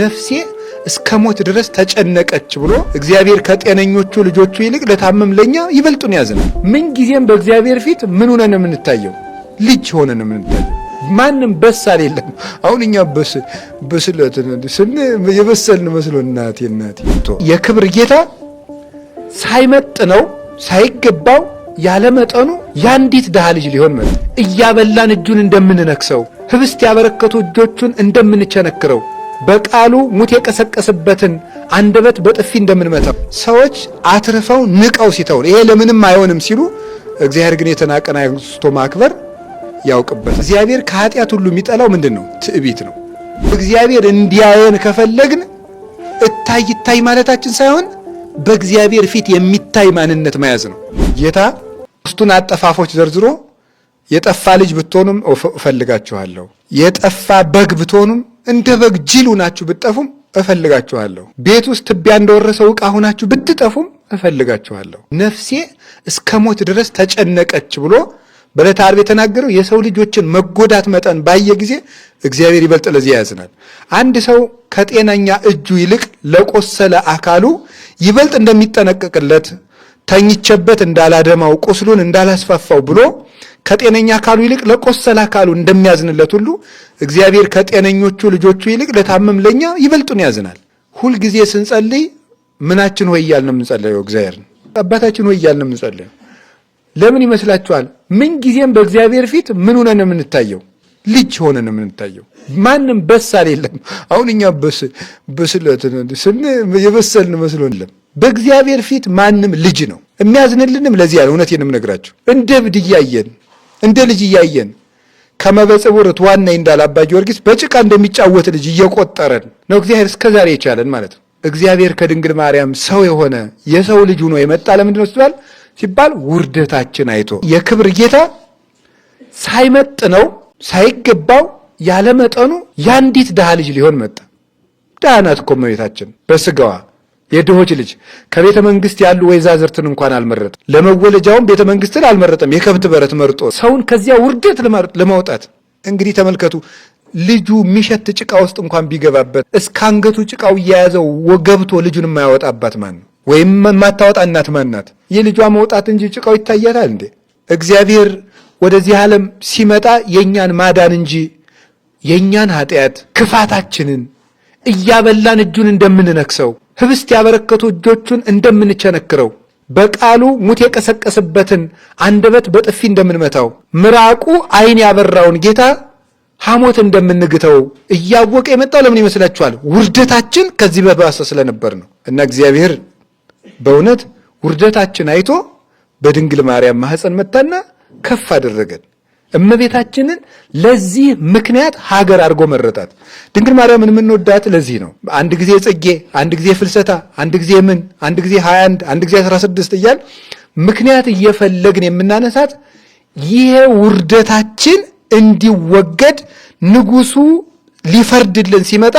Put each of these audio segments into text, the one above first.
ነፍሴ እስከ ሞት ድረስ ተጨነቀች ብሎ እግዚአብሔር ከጤነኞቹ ልጆቹ ይልቅ ለታመም ለኛ ይበልጡን ያዝ ምን ጊዜም በእግዚአብሔር ፊት ምን ሆነን የምንታየው? ልጅ ሆነን የምንታየው። ማንም በሳል የለም። አሁን እኛ በስለት የበሰልን መስሎ እናቴ እናቴ። የክብር ጌታ ሳይመጥነው ሳይገባው ያለመጠኑ የአንዲት ድሃ ልጅ ሊሆን መ እያበላን እጁን እንደምንነክሰው ህብስት ያበረከቱ እጆቹን እንደምንቸነክረው በቃሉ ሙት የቀሰቀስበትን አንደበት በጥፊ እንደምንመታው ሰዎች አትርፈው ንቀው ሲተውን ይሄ ለምንም አይሆንም ሲሉ እግዚአብሔር ግን የተናቀን አንስቶ ማክበር ያውቅበት። እግዚአብሔር ከኃጢአት ሁሉ የሚጠላው ምንድን ነው? ትዕቢት ነው። እግዚአብሔር እንዲያየን ከፈለግን እታይ ይታይ ማለታችን ሳይሆን በእግዚአብሔር ፊት የሚታይ ማንነት መያዝ ነው። ጌታ ሦስቱን አጠፋፎች ዘርዝሮ የጠፋ ልጅ ብትሆኑም እፈልጋችኋለሁ፣ የጠፋ በግ ብትሆኑም እንደ በግ ጅል ሁናችሁ ብትጠፉም እፈልጋችኋለሁ። ቤት ውስጥ ትቢያ እንደወረሰው ዕቃ ሁናችሁ ብትጠፉም እፈልጋችኋለሁ። ነፍሴ እስከ ሞት ድረስ ተጨነቀች ብሎ በዕለተ ዓርብ የተናገረው የሰው ልጆችን መጎዳት መጠን ባየ ጊዜ እግዚአብሔር ይበልጥ ለዚህ ያዝናል። አንድ ሰው ከጤነኛ እጁ ይልቅ ለቆሰለ አካሉ ይበልጥ እንደሚጠነቀቅለት ተኝቸበት እንዳላደማው ቁስሉን እንዳላስፋፋው ብሎ ከጤነኛ አካሉ ይልቅ ለቆሰለ አካሉ እንደሚያዝንለት ሁሉ እግዚአብሔር ከጤነኞቹ ልጆቹ ይልቅ ለታመም ለኛ ይበልጡን ያዝናል። ሁልጊዜ ስንጸልይ ምናችን ሆይ እያልን ነው እግዚአብሔርን አባታችን ሆይ እያልን ነው ለምን ይመስላችኋል? ምን ጊዜም በእግዚአብሔር ፊት ምን ሆነን ነው የምንታየው? ልጅ ሆነን ነው የምንታየው። ማንም በሳል የለም። አሁን እኛ በስለት የበሰልን መስሎ የለም። በእግዚአብሔር ፊት ማንም ልጅ ነው። የሚያዝንልንም ለዚህ ያለ እውነቴን የምነግራችሁ እንደ ብድ እያየን እንደ ልጅ እያየን ከመበጽቡርት ዋና እንዳለ አባ ጊዮርጊስ በጭቃ እንደሚጫወት ልጅ እየቆጠረን ነው እግዚአብሔር ዛሬ የቻለን ማለት ነው። እግዚአብሔር ከድንግል ማርያም ሰው የሆነ የሰው ልጅ ሆኖ የመጣ ለምንድን ነው ሲባል ውርደታችን አይቶ የክብር ጌታ ነው ሳይገባው ያለመጠኑ የአንዲት ድሃ ልጅ ሊሆን መጣ። ድሃ ናት እኮ እመቤታችን በስጋዋ የድሆች ልጅ ከቤተ መንግስት ያሉ ወይዛዝርትን እንኳን አልመረጠም። ለመወለጃውም ቤተ መንግስትን አልመረጠም። የከብት በረት መርጦ ሰውን ከዚያ ውርደት ለማውጣት እንግዲህ ተመልከቱ። ልጁ የሚሸት ጭቃ ውስጥ እንኳን ቢገባበት እስከ አንገቱ ጭቃው እያያዘው ገብቶ ልጁን የማያወጣባት ማን ነው? ወይም የማታወጣ እናት ማን ናት? የልጇ መውጣት እንጂ ጭቃው ይታያታል እንዴ? እግዚአብሔር ወደዚህ ዓለም ሲመጣ የእኛን ማዳን እንጂ የእኛን ኃጢአት ክፋታችንን እያበላን እጁን እንደምንነክሰው ህብስት ያበረከቱ እጆቹን እንደምንቸነክረው በቃሉ ሙት የቀሰቀሰበትን አንደበት በጥፊ እንደምንመታው ምራቁ ዓይን ያበራውን ጌታ ሐሞት እንደምንግተው እያወቀ የመጣው ለምን ይመስላችኋል? ውርደታችን ከዚህ በባሰ ስለነበር ነው። እና እግዚአብሔር በእውነት ውርደታችን አይቶ በድንግል ማርያም ማህፀን መታና ከፍ አደረገን። እመቤታችንን ለዚህ ምክንያት ሀገር አድርጎ መረጣት። ድንግል ማርያምን የምንወዳት ለዚህ ነው። አንድ ጊዜ ጽጌ፣ አንድ ጊዜ ፍልሰታ፣ አንድ ጊዜ ምን፣ አንድ ጊዜ 21፣ አንድ ጊዜ 16 እያል ምክንያት እየፈለግን የምናነሳት ይሄ ውርደታችን እንዲወገድ ንጉሱ ሊፈርድልን ሲመጣ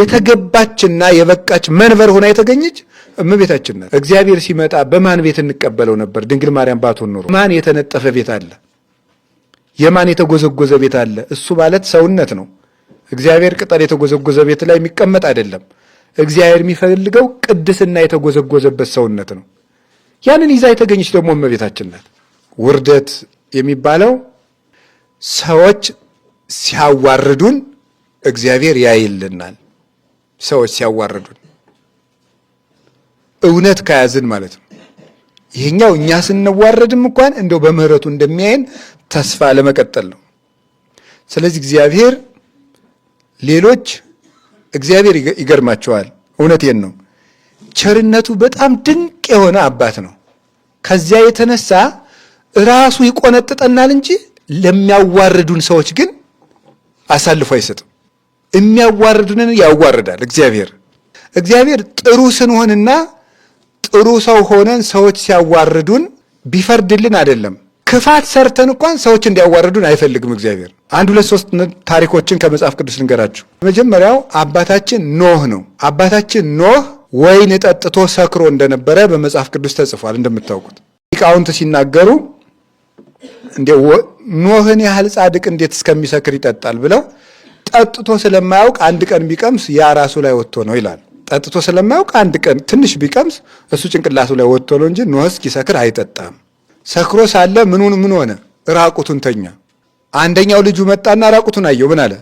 የተገባችና የበቃች መንበር ሆና የተገኘች እመቤታችን ናት። እግዚአብሔር ሲመጣ በማን ቤት እንቀበለው ነበር? ድንግል ማርያም ባትሆን ኖሮ ማን የተነጠፈ ቤት አለ? የማን የተጎዘጎዘ ቤት አለ? እሱ ማለት ሰውነት ነው። እግዚአብሔር ቅጠል የተጎዘጎዘ ቤት ላይ የሚቀመጥ አይደለም። እግዚአብሔር የሚፈልገው ቅድስና የተጎዘጎዘበት ሰውነት ነው። ያንን ይዛ የተገኘች ደግሞ እመቤታችን ናት። ውርደት የሚባለው ሰዎች ሲያዋርዱን እግዚአብሔር ያይልናል። ሰዎች ሲያዋርዱን እውነት ከያዝን ማለት ነው። ይሄኛው እኛ ስንዋረድም እንኳን እንደው በምህረቱ እንደሚያየን ተስፋ ለመቀጠል ነው። ስለዚህ እግዚአብሔር ሌሎች እግዚአብሔር ይገርማቸዋል። እውነቴን ነው። ቸርነቱ በጣም ድንቅ የሆነ አባት ነው። ከዚያ የተነሳ ራሱ ይቆነጥጠናል እንጂ ለሚያዋርዱን ሰዎች ግን አሳልፎ አይሰጥም። የሚያዋርዱንን ያዋርዳል። እግዚአብሔር እግዚአብሔር ጥሩ ስንሆንና ጥሩ ሰው ሆነን ሰዎች ሲያዋርዱን ቢፈርድልን አይደለም ክፋት ሰርተን እንኳን ሰዎች እንዲያዋርዱን አይፈልግም እግዚአብሔር። አንድ ሁለት ሶስት ታሪኮችን ከመጽሐፍ ቅዱስ ልንገራችሁ። መጀመሪያው አባታችን ኖህ ነው። አባታችን ኖህ ወይን ጠጥቶ ሰክሮ እንደነበረ በመጽሐፍ ቅዱስ ተጽፏል። እንደምታውቁት ሊቃውንት ሲናገሩ ኖህን ያህል ጻድቅ እንዴት እስከሚሰክር ይጠጣል ብለው ጠጥቶ ስለማያውቅ አንድ ቀን ቢቀምስ ያ ራሱ ላይ ወጥቶ ነው ይላል። ጠጥቶ ስለማያውቅ አንድ ቀን ትንሽ ቢቀምስ እሱ ጭንቅላቱ ላይ ወጥቶ ነው እንጂ ኖህ እስኪሰክር አይጠጣም። ሰክሮ ሳለ ምኑን ምን ሆነ? ራቁቱን ተኛ። አንደኛው ልጁ መጣና ራቁቱን አየው። ምን አለ?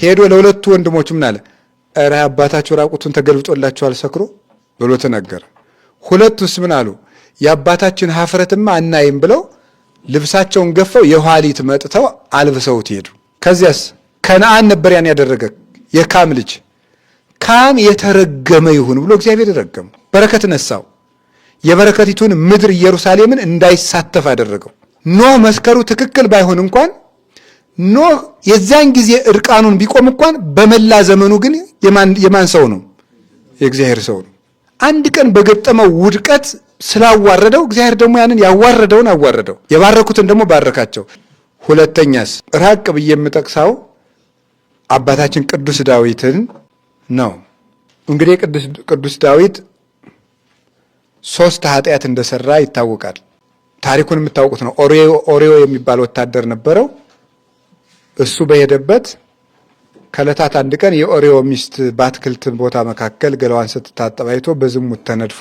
ሄዶ ለሁለቱ ወንድሞቹ ምን አለ? እረ አባታችሁ ራቁቱን ተገልብጦላችኋል ሰክሮ ብሎ ተነገረ። ሁለቱስ ምን አሉ? የአባታችን ሀፍረትማ አናይም ብለው ልብሳቸውን ገፈው የኋሊት መጥተው አልብሰውት ሄዱ። ከዚያስ ከነአን ነበር ያን ያደረገ የካም ልጅ ካም የተረገመ ይሁን ብሎ እግዚአብሔር ረገመው፣ በረከት ነሳው። የበረከቲቱን ምድር ኢየሩሳሌምን እንዳይሳተፍ አደረገው። ኖህ መስከሩ ትክክል ባይሆን እንኳን ኖህ የዚያን ጊዜ እርቃኑን ቢቆም እንኳን በመላ ዘመኑ ግን የማን ሰው ነው? የእግዚአብሔር ሰው ነው። አንድ ቀን በገጠመው ውድቀት ስላዋረደው እግዚአብሔር ደግሞ ያንን ያዋረደውን አዋረደው፣ የባረኩትን ደግሞ ባረካቸው። ሁለተኛስ ራቅ ብዬ የምጠቅሳው አባታችን ቅዱስ ዳዊትን ነው። እንግዲህ ቅዱስ ዳዊት ሶስት ኃጢአት እንደሰራ ይታወቃል። ታሪኩን የምታውቁት ነው። ኦሪዮ የሚባል ወታደር ነበረው። እሱ በሄደበት ከዕለታት አንድ ቀን የኦሪዮ ሚስት በአትክልት ቦታ መካከል ገለዋን ስትታጠብ አይቶ በዝሙት ተነድፎ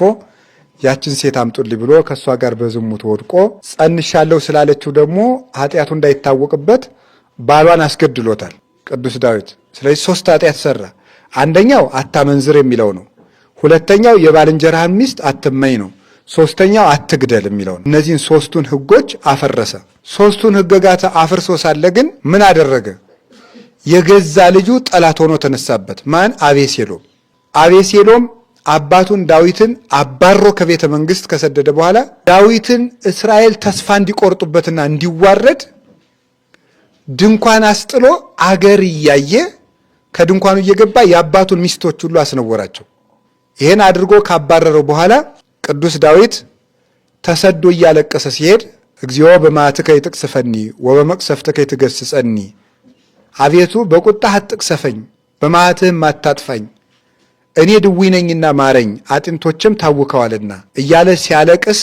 ያችን ሴት አምጡልኝ ብሎ ከእሷ ጋር በዝሙት ወድቆ ጸንሻለሁ ስላለችው ደግሞ ኃጢአቱ እንዳይታወቅበት ባሏን አስገድሎታል ቅዱስ ዳዊት። ስለዚህ ሶስት ኃጢአት ሰራ። አንደኛው አታመንዝር የሚለው ነው። ሁለተኛው የባልንጀራህን ሚስት አትመኝ ነው። ሶስተኛው አትግደል የሚለው ነው። እነዚህን ሶስቱን ህጎች አፈረሰ። ሶስቱን ህገጋት አፍርሶ ሳለ ግን ምን አደረገ? የገዛ ልጁ ጠላት ሆኖ ተነሳበት። ማን? አቤሴሎም። አቤሴሎም አባቱን ዳዊትን አባሮ ከቤተ መንግስት ከሰደደ በኋላ ዳዊትን እስራኤል ተስፋ እንዲቆርጡበትና እንዲዋረድ ድንኳን አስጥሎ አገር እያየ ከድንኳኑ እየገባ የአባቱን ሚስቶች ሁሉ አስነወራቸው። ይህን አድርጎ ካባረረው በኋላ ቅዱስ ዳዊት ተሰዶ እያለቀሰ ሲሄድ እግዚኦ በማት ይጥቅስፈኒ ወበመቅሰፍትከ ይትገስጸኒ፣ አቤቱ በቁጣህ አትቅሰፈኝ፣ በማትህም አታጥፋኝ፣ እኔ ድዊ ነኝና ማረኝ፣ አጥንቶችም ታውከዋልና እያለ ሲያለቅስ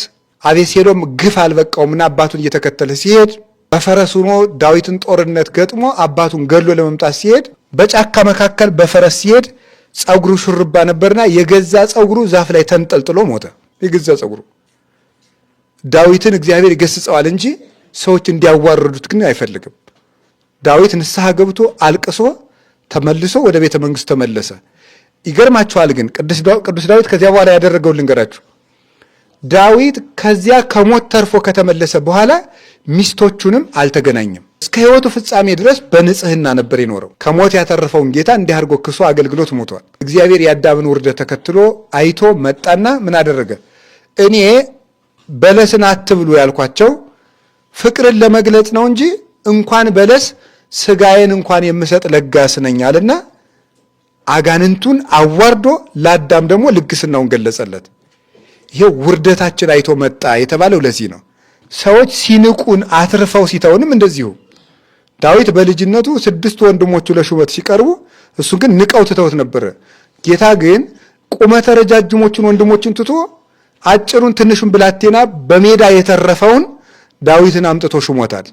አቤሴሎም ግፍ አልበቃውምና አባቱን እየተከተለ ሲሄድ በፈረስ ሆኖ ዳዊትን ጦርነት ገጥሞ አባቱን ገድሎ ለመምጣት ሲሄድ በጫካ መካከል በፈረስ ሲሄድ ጸጉሩ ሹርባ ነበርና የገዛ ጸጉሩ ዛፍ ላይ ተንጠልጥሎ ሞተ። የገዛ ጸጉሩ ዳዊትን እግዚአብሔር ይገስጸዋል እንጂ ሰዎች እንዲያዋርዱት ግን አይፈልግም። ዳዊት ንስሐ ገብቶ አልቅሶ ተመልሶ ወደ ቤተ መንግስት ተመለሰ። ይገርማችኋል ግን ቅዱስ ዳዊት ከዚያ በኋላ ያደረገው ልንገራችሁ። ዳዊት ከዚያ ከሞት ተርፎ ከተመለሰ በኋላ ሚስቶቹንም አልተገናኘም። እስከ ሕይወቱ ፍጻሜ ድረስ በንጽህና ነበር የኖረው። ከሞት ያተረፈውን ጌታ እንዲህ አድርጎ ክሶ አገልግሎት ሞቷል። እግዚአብሔር የአዳምን ውርደት ተከትሎ አይቶ መጣና ምን አደረገ? እኔ በለስን አትብሉ ያልኳቸው ፍቅርን ለመግለጽ ነው እንጂ እንኳን በለስ ስጋዬን እንኳን የምሰጥ ለጋስ ነኝ አለና አጋንንቱን አዋርዶ ለአዳም ደግሞ ልግስናውን ገለጸለት። ይሄ ውርደታችን አይቶ መጣ የተባለው ለዚህ ነው። ሰዎች ሲንቁን አትርፈው ሲተውንም እንደዚሁ ዳዊት በልጅነቱ ስድስት ወንድሞቹ ለሹመት ሲቀርቡ እሱ ግን ንቀው ትተውት ነበረ። ጌታ ግን ቁመተ ረጃጅሞቹን ወንድሞቹን ትቶ አጭሩን ትንሹን ብላቴና በሜዳ የተረፈውን ዳዊትን አምጥቶ ሹሞታል።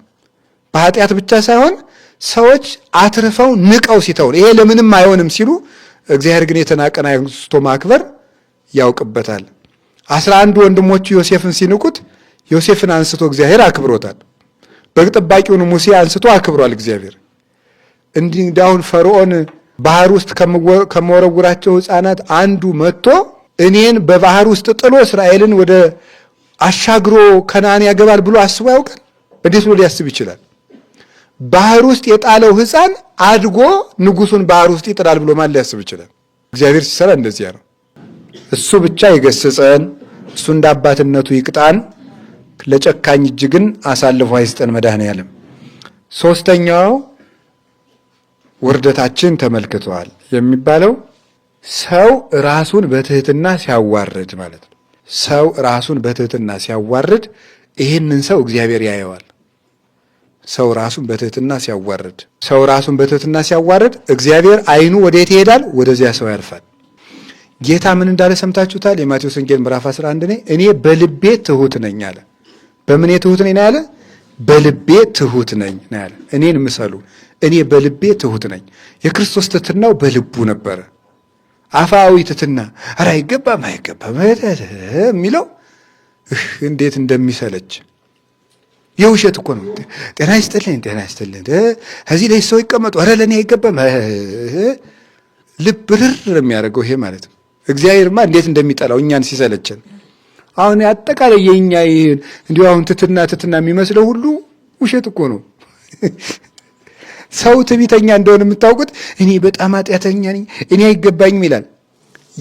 በኃጢአት ብቻ ሳይሆን ሰዎች አትርፈው ንቀው ሲተውን ይሄ ለምንም አይሆንም ሲሉ እግዚአብሔር ግን የተናቀን አንስቶ ማክበር ያውቅበታል። አስራ አንዱ ወንድሞቹ ዮሴፍን ሲንቁት ዮሴፍን አንስቶ እግዚአብሔር አክብሮታል። በግ ጠባቂውን ሙሴ አንስቶ አክብሯል እግዚአብሔር። እንዲህ ፈርዖን ባህር ውስጥ ከመወረውራቸው ሕፃናት አንዱ መጥቶ እኔን በባህር ውስጥ ጥሎ እስራኤልን ወደ አሻግሮ ከነአን ያገባል ብሎ አስቦ ያውቃል? እንዴት ብሎ ሊያስብ ይችላል? ባህር ውስጥ የጣለው ሕፃን አድጎ ንጉሱን ባህር ውስጥ ይጥላል ብሎ ማን ሊያስብ ይችላል? እግዚአብሔር ሲሰራ እንደዚያ ነው። እሱ ብቻ ይገስጸን፣ እሱ እንደ አባትነቱ ይቅጣን። ለጨካኝ እጅ ግን አሳልፎ አይስጠን መድኃኔዓለም። ሶስተኛው ውርደታችን ተመልክተዋል የሚባለው ሰው ራሱን በትህትና ሲያዋርድ ማለት ነው። ሰው ራሱን በትህትና ሲያዋርድ ይህንን ሰው እግዚአብሔር ያየዋል። ሰው ራሱን በትህትና ሲያዋርድ ሰው ራሱን በትህትና ሲያዋርድ እግዚአብሔር አይኑ ወዴት ይሄዳል? ወደዚያ ሰው ያልፋል። ጌታ ምን እንዳለ ሰምታችሁታል። የማቴዎስ ወንጌል ምዕራፍ 11 እኔ በልቤ ትሁት ነኝ አለ። በምን ትሁት ነኝ ያለ በልቤ ትሁት ነኝ ያለ እኔን ምሰሉ። እኔ በልቤ ትሁት ነኝ። የክርስቶስ ትትናው በልቡ ነበረ። አፋዊ ትትና ኧረ አይገባም አይገባም የሚለው እንዴት እንደሚሰለች የውሸት እኮ ነው። ጤና ይስጥልኝ ጤና ይስጥልኝ፣ እዚህ ላይ ሰው ይቀመጡ፣ ኧረ ለእኔ አይገባም። ልብ ርር የሚያደርገው ይሄ ማለት ነው። እግዚአብሔርማ እንዴት እንደሚጠላው እኛን ሲሰለችን አሁን አጠቃላይ የኛ ይሄን እንዲሁ አሁን ትትና ትትና የሚመስለው ሁሉ ውሸት እኮ ነው። ሰው ትቢተኛ እንደሆነ የምታውቁት እኔ በጣም ኃጢአተኛ ነኝ፣ እኔ አይገባኝም ይላል።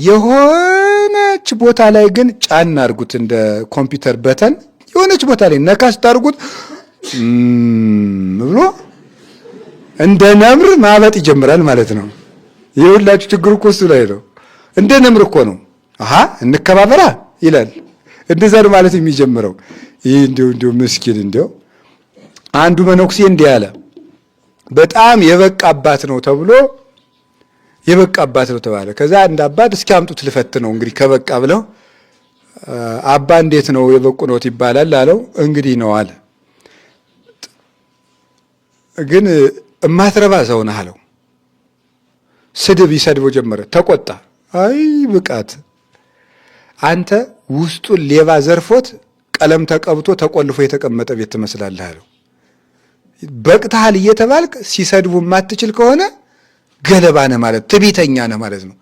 የሆነች ቦታ ላይ ግን ጫና አድርጉት፣ እንደ ኮምፒውተር በተን የሆነች ቦታ ላይ ነካ ስታርጉት ብሎ እንደ ነምር ማበጥ ይጀምራል ማለት ነው። የሁላችሁ ችግር እኮ እሱ ላይ ነው። እንደ ነምር እኮ ነው። አሀ እንከባበራ ይላል። እንደዛ ነው ማለት የሚጀምረው። ይህ እንዲሁ እንዲሁ ምስኪን እንዲው አንዱ መነኩሴ እንዲህ አለ። በጣም የበቃ አባት ነው ተብሎ የበቃ አባት ነው ተባለ። ከዛ አንድ አባት እስኪ አምጡት ልፈት ነው እንግዲህ ከበቃ ብለው አባ እንዴት ነው የበቁ ኖት ይባላል አለው። እንግዲህ ነው አለ። ግን እማትረባ ሰው ነህ አለው። ስድብ ይሰድቦ ጀመረ። ተቆጣ። አይ ብቃት አንተ ውስጡን ሌባ ዘርፎት ቀለም ተቀብቶ ተቆልፎ የተቀመጠ ቤት ትመስላለህ አለው። በቅተሃል እየተባልክ ሲሰድቡ የማትችል ከሆነ ገለባ ነህ ማለት ትቢተኛ ነህ ማለት ነው።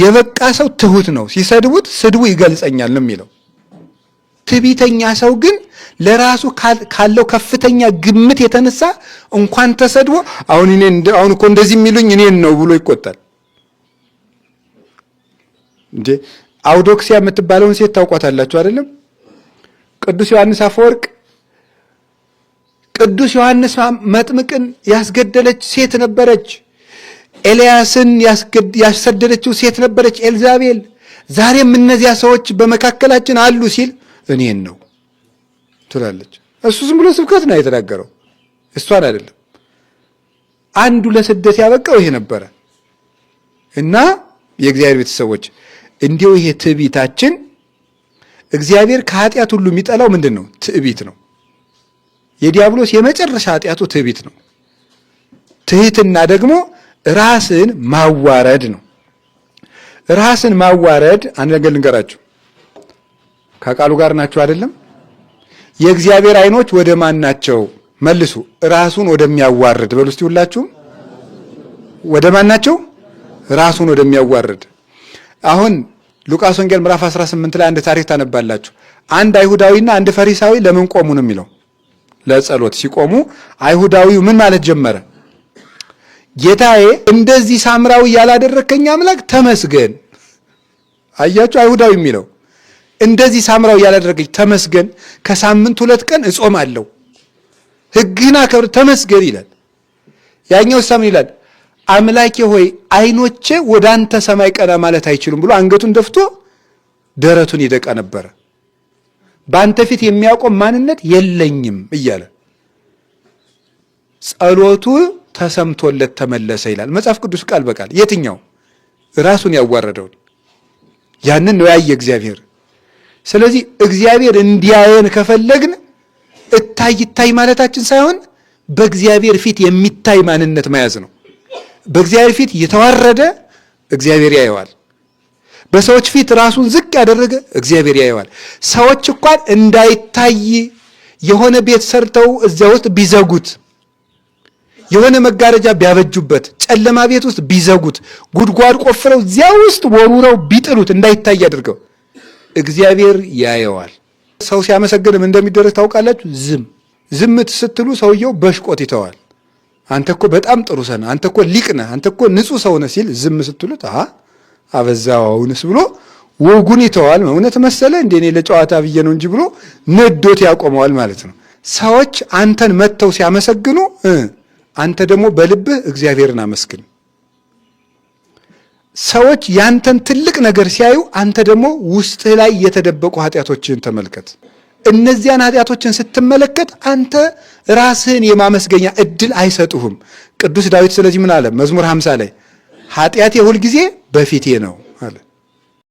የበቃ ሰው ትሁት ነው። ሲሰድቡት ስድቡ ይገልጸኛል ነው የሚለው። ትቢተኛ ሰው ግን ለራሱ ካለው ከፍተኛ ግምት የተነሳ እንኳን ተሰድቦ አሁን እኔ አሁን እኮ እንደዚህ የሚሉኝ እኔን ነው ብሎ ይቆጣል እንዴ አውዶክሲያ የምትባለውን ሴት ታውቋታላችሁ አይደለም? ቅዱስ ዮሐንስ አፈወርቅ ቅዱስ ዮሐንስ መጥምቅን ያስገደለች ሴት ነበረች። ኤልያስን ያሰደደችው ሴት ነበረች ኤልዛቤል። ዛሬም እነዚያ ሰዎች በመካከላችን አሉ ሲል እኔን ነው ትላለች። እሱ ዝም ብሎ ስብከት ነው የተናገረው፣ እሷን አይደለም። አንዱ ለስደት ያበቃው ይሄ ነበረ እና የእግዚአብሔር ቤተሰቦች እንዲሁ ይሄ ትዕቢታችን እግዚአብሔር ከኃጢአት ሁሉ የሚጠላው ምንድን ነው? ትዕቢት ነው። የዲያብሎስ የመጨረሻ ኃጢአቱ ትዕቢት ነው። ትህትና ደግሞ ራስን ማዋረድ ነው። ራስን ማዋረድ አንድ ነገር ልንገራችሁ፣ ከቃሉ ጋር ናችሁ አይደለም? የእግዚአብሔር አይኖች ወደ ማን ናቸው? መልሱ። ራሱን ወደሚያዋርድ በሉ እስቲ ሁላችሁም። ወደ ማን ናቸው? ራሱን ወደሚያዋርድ አሁን ሉቃስ ወንጌል ምዕራፍ 18 ላይ አንድ ታሪክ ታነባላችሁ። አንድ አይሁዳዊና አንድ ፈሪሳዊ ለምን ቆሙ ነው የሚለው። ለጸሎት ሲቆሙ አይሁዳዊው ምን ማለት ጀመረ? ጌታዬ እንደዚህ ሳምራዊ ያላደረከኝ አምላክ ተመስገን። አያችሁ፣ አይሁዳዊ የሚለው እንደዚህ ሳምራዊ ያላደረገኝ ተመስገን፣ ከሳምንት ሁለት ቀን እጾም አለው፣ ሕግህን አከብር ተመስገን ይላል። ያኛው ሳምን ይላል? አምላኬ ሆይ አይኖቼ ወደ አንተ ሰማይ ቀና ማለት አይችሉም ብሎ አንገቱን ደፍቶ ደረቱን ይደቃ ነበረ። በአንተ ፊት የሚያቆም ማንነት የለኝም እያለ ጸሎቱ ተሰምቶለት ተመለሰ ይላል መጽሐፍ ቅዱስ ቃል በቃል የትኛው ራሱን ያዋረደውን ያንን ነው ያየ እግዚአብሔር። ስለዚህ እግዚአብሔር እንዲያየን ከፈለግን እታይ ይታይ ማለታችን ሳይሆን በእግዚአብሔር ፊት የሚታይ ማንነት መያዝ ነው። በእግዚአብሔር ፊት የተዋረደ እግዚአብሔር ያየዋል። በሰዎች ፊት ራሱን ዝቅ ያደረገ እግዚአብሔር ያየዋል። ሰዎች እንኳን እንዳይታይ የሆነ ቤት ሰርተው እዚያ ውስጥ ቢዘጉት፣ የሆነ መጋረጃ ቢያበጁበት፣ ጨለማ ቤት ውስጥ ቢዘጉት፣ ጉድጓድ ቆፍረው እዚያ ውስጥ ወሩረው ቢጥሉት፣ እንዳይታይ አድርገው እግዚአብሔር ያየዋል። ሰው ሲያመሰግንም እንደሚደረግ ታውቃላችሁ። ዝም ዝምት ስትሉ ሰውየው በሽቆት ይተዋል። አንተ እኮ በጣም ጥሩ ሰው ነህ፣ አንተ እኮ ሊቅ ነህ፣ አንተ እኮ ንጹህ ሰው ነህ ሲል ዝም ስትሉት አሀ አበዛው አሁንስ ብሎ ወጉን ይተዋል። እውነት መሰለ እንደ እኔ ለጨዋታ ብዬ ነው እንጂ ብሎ ነዶት ያቆመዋል ማለት ነው። ሰዎች አንተን መጥተው ሲያመሰግኑ አንተ ደግሞ በልብህ እግዚአብሔርን አመስግን። ሰዎች ያንተን ትልቅ ነገር ሲያዩ አንተ ደግሞ ውስጥህ ላይ የተደበቁ ኃጢአቶችህን ተመልከት። እነዚያን ኃጢአቶችን ስትመለከት አንተ ራስህን የማመስገኛ እድል አይሰጡህም። ቅዱስ ዳዊት ስለዚህ ምን አለ? መዝሙር 50 ላይ ኃጢአቴ ሁልጊዜ በፊቴ ነው